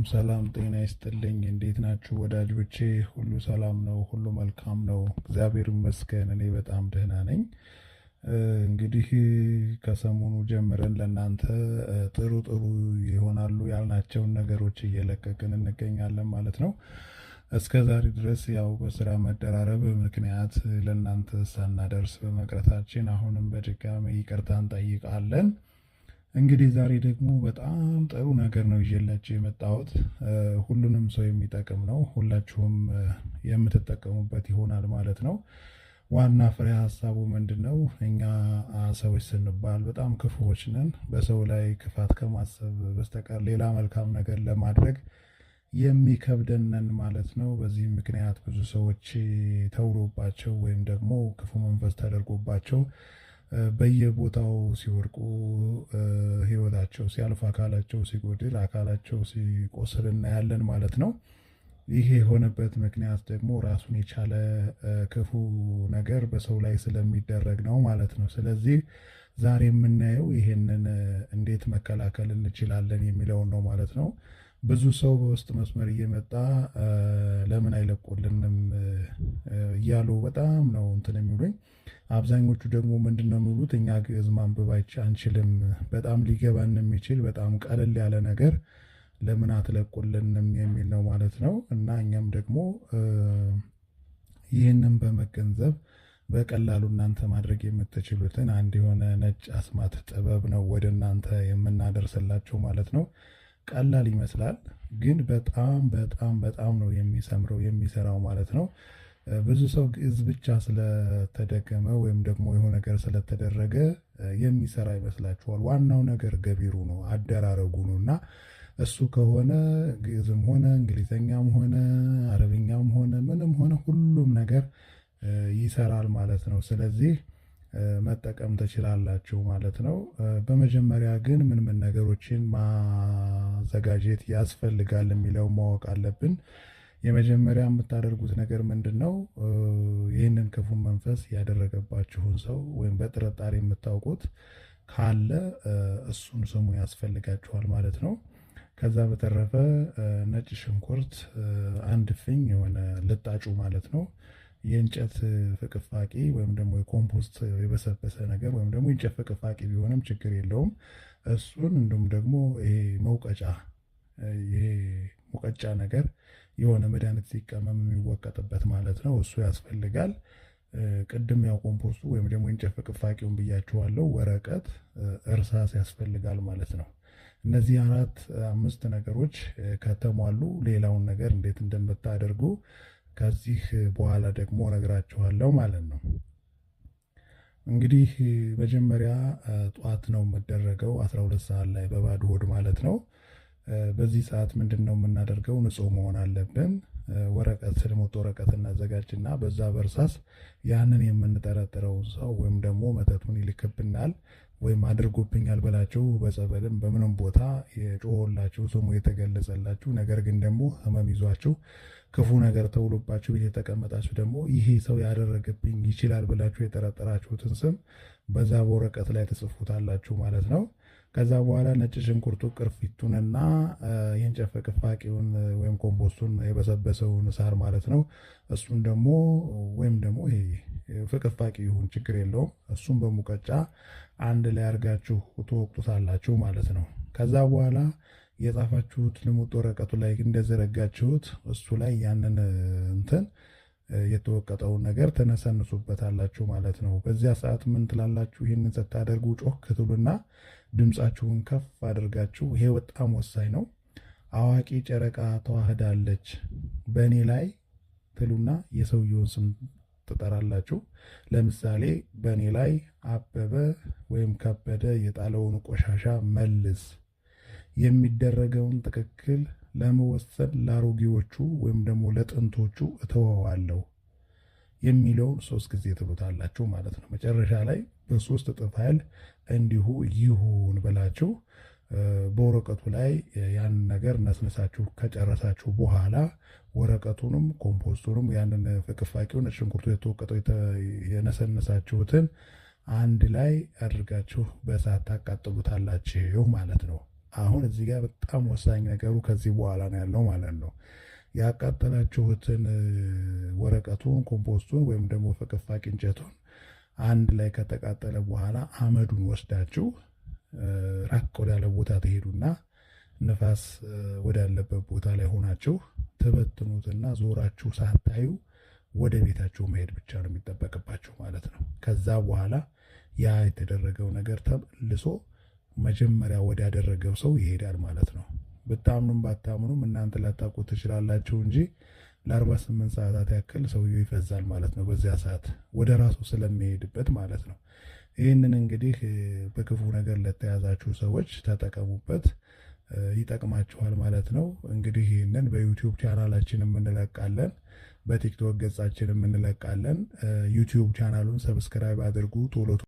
ሰላም ሰላም፣ ጤና ይስጥልኝ። እንዴት ናችሁ ወዳጆቼ? ሁሉ ሰላም ነው፣ ሁሉ መልካም ነው፣ እግዚአብሔር ይመስገን። እኔ በጣም ደህና ነኝ። እንግዲህ ከሰሞኑ ጀምረን ለእናንተ ጥሩ ጥሩ ይሆናሉ ያልናቸውን ነገሮች እየለቀቅን እንገኛለን ማለት ነው። እስከ ዛሬ ድረስ ያው በስራ መደራረብ ምክንያት ለእናንተ ሳናደርስ በመቅረታችን አሁንም በድጋሚ ይቅርታ እንጠይቃለን። እንግዲህ ዛሬ ደግሞ በጣም ጥሩ ነገር ነው ይዤላችሁ የመጣሁት። ሁሉንም ሰው የሚጠቅም ነው። ሁላችሁም የምትጠቀሙበት ይሆናል ማለት ነው። ዋና ፍሬ ሀሳቡ ምንድን ነው? እኛ ሰዎች ስንባል በጣም ክፉዎች ነን። በሰው ላይ ክፋት ከማሰብ በስተቀር ሌላ መልካም ነገር ለማድረግ የሚከብደንን ማለት ነው። በዚህ ምክንያት ብዙ ሰዎች ተውሎባቸው ወይም ደግሞ ክፉ መንፈስ ተደርጎባቸው በየቦታው ሲወርቁ ህይወታቸው ሲያልፍ አካላቸው ሲጎድል አካላቸው ሲቆስል እናያለን ማለት ነው። ይህ የሆነበት ምክንያት ደግሞ ራሱን የቻለ ክፉ ነገር በሰው ላይ ስለሚደረግ ነው ማለት ነው። ስለዚህ ዛሬ የምናየው ይሄንን እንዴት መከላከል እንችላለን የሚለውን ነው ማለት ነው። ብዙ ሰው በውስጥ መስመር እየመጣ ለምን አይለቁልንም እያሉ በጣም ነው እንትን የሚሉኝ። አብዛኞቹ ደግሞ ምንድን ነው የሚሉት እኛ ግዕዝ ማንበብ አንችልም፣ በጣም ሊገባን የሚችል በጣም ቀለል ያለ ነገር ለምን አትለቁልንም የሚል ነው ማለት ነው። እና እኛም ደግሞ ይህንን በመገንዘብ በቀላሉ እናንተ ማድረግ የምትችሉትን አንድ የሆነ ነጭ አስማት ጥበብ ነው ወደ እናንተ የምናደርስላቸው ማለት ነው። ቀላል ይመስላል፣ ግን በጣም በጣም በጣም ነው የሚሰምረው የሚሰራው ማለት ነው። ብዙ ሰው ግዕዝ ብቻ ስለተደገመ ወይም ደግሞ የሆነ ነገር ስለተደረገ የሚሰራ ይመስላችኋል። ዋናው ነገር ገቢሩ ነው፣ አደራረጉ ነው እና እሱ ከሆነ ግዕዝም ሆነ እንግሊዘኛም ሆነ አረብኛም ሆነ ምንም ሆነ ሁሉም ነገር ይሰራል ማለት ነው። ስለዚህ መጠቀም ትችላላችሁ ማለት ነው። በመጀመሪያ ግን ምን ምን ነገሮችን ማዘጋጀት ያስፈልጋል የሚለው ማወቅ አለብን። የመጀመሪያ የምታደርጉት ነገር ምንድን ነው? ይህንን ክፉ መንፈስ ያደረገባችሁን ሰው ወይም በጥርጣሬ የምታውቁት ካለ እሱን ስሙ ያስፈልጋችኋል ማለት ነው። ከዛ በተረፈ ነጭ ሽንኩርት አንድ ፍኝ የሆነ ልጣጩ ማለት ነው የእንጨት ፍቅፋቂ ወይም ደግሞ የኮምፖስት የበሰበሰ ነገር ወይም ደግሞ የእንጨት ፍቅፋቂ ቢሆንም ችግር የለውም። እሱን እንዲሁም ደግሞ ይሄ መውቀጫ ይሄ ሙቀጫ ነገር የሆነ መድኃኒት ሲቀመም የሚወቀጥበት ማለት ነው። እሱ ያስፈልጋል። ቅድም ያው ኮምፖስቱ ወይም ደግሞ የእንጨት ፍቅፋቂውን ብያችኋለሁ። ወረቀት፣ እርሳስ ያስፈልጋል ማለት ነው። እነዚህ አራት አምስት ነገሮች ከተሟሉ ሌላውን ነገር እንዴት እንደምታደርጉ ከዚህ በኋላ ደግሞ ነግራችኋለሁ ማለት ነው። እንግዲህ መጀመሪያ ጠዋት ነው የምደረገው፣ 12 ሰዓት ላይ በባዶ ሆድ ማለት ነው። በዚህ ሰዓት ምንድን ነው የምናደርገው? ንጹህ መሆን አለብን። ወረቀት ስልሙት ወረቀት እናዘጋጅና በዛ በእርሳስ ያንን የምንጠረጥረው ሰው ወይም ደግሞ መተቱን ይልክብናል ወይም አድርጎብኛል ብላችሁ በጸበልም በምንም ቦታ የጮሆላችሁ ስሙ የተገለጸላችሁ ነገር ግን ደግሞ ህመም ይዟችሁ ክፉ ነገር ተውሎባችሁ ቤት የተቀመጣችሁ ደግሞ ይሄ ሰው ያደረገብኝ ይችላል ብላችሁ የጠረጠራችሁትን ስም በዛ በወረቀት ላይ ተጽፉታላችሁ ማለት ነው። ከዛ በኋላ ነጭ ሽንኩርቱ ቅርፊቱንና የእንጨፈ ቅፋቂውን ወይም ኮምፖስቱን የበሰበሰውን ሳር ማለት ነው። እሱን ደግሞ ወይም ደግሞ ፍቅፋቂ ይሁን ችግር የለውም። እሱን በሙቀጫ አንድ ላይ አድርጋችሁ ትወቅጡታላችሁ ማለት ነው። ከዛ በኋላ የጻፋችሁት ልሙጥ ወረቀቱ ላይ እንደዘረጋችሁት እሱ ላይ ያንን እንትን የተወቀጠውን ነገር ተነሰንሱበታላችሁ ማለት ነው። በዚያ ሰዓት ምን ትላላችሁ? ይህንን ስታደርጉ ጮክ ትሉና ድምፃችሁን ከፍ አድርጋችሁ ይሄ በጣም ወሳኝ ነው። አዋቂ ጨረቃ ተዋህዳለች በእኔ ላይ ትሉና የሰውየውን ስም ትጠራላችሁ። ለምሳሌ በእኔ ላይ አበበ ወይም ከበደ የጣለውን ቆሻሻ መልስ፣ የሚደረገውን ትክክል ለመወሰን ለአሮጌዎቹ ወይም ደግሞ ለጥንቶቹ እተወዋለሁ የሚለውን ሶስት ጊዜ ትሉታላችሁ ማለት ነው። መጨረሻ ላይ በሶስት እጥፍ ኃይል እንዲሁ ይሁን ብላችሁ በወረቀቱ ላይ ያንን ነገር ነስነሳችሁ ከጨረሳችሁ በኋላ ወረቀቱንም ኮምፖስቱንም ያንን ፍቅፋቂውን ሽንኩርቱ የተወቀጠው የነሰነሳችሁትን አንድ ላይ አድርጋችሁ በእሳት ታቃጥሉታላችሁ ማለት ነው። አሁን እዚህ ጋር በጣም ወሳኝ ነገሩ ከዚህ በኋላ ነው ያለው ማለት ነው። ያቃጠላችሁትን ወረቀቱን ኮምፖስቱን ወይም ደግሞ ፍቅፋቂ እንጨቱን አንድ ላይ ከተቃጠለ በኋላ አመዱን ወስዳችሁ ራቅ ወዳለ ቦታ ትሄዱና ንፋስ ወዳለበት ቦታ ላይ ሆናችሁ ትበትኑትና ዞራችሁ ሳታዩ ወደ ቤታችሁ መሄድ ብቻ ነው የሚጠበቅባችሁ ማለት ነው። ከዛ በኋላ ያ የተደረገው ነገር ተመልሶ መጀመሪያ ወዳደረገው ሰው ይሄዳል ማለት ነው። ብታምኑም ባታምኑም እናንተ ላታውቁ ትችላላችሁ እንጂ ለ48 ሰዓታት ያክል ሰውየው ይፈዛል ማለት ነው። በዚያ ሰዓት ወደ ራሱ ስለሚሄድበት ማለት ነው። ይህንን እንግዲህ በክፉ ነገር ለተያዛችሁ ሰዎች ተጠቀሙበት፣ ይጠቅማችኋል ማለት ነው። እንግዲህ ይህንን በዩቲዩብ ቻናላችን የምንለቃለን፣ በቲክቶክ ገጻችን የምንለቃለን። ዩቲዩብ ቻናሉን ሰብስክራይብ አድርጉ ቶሎ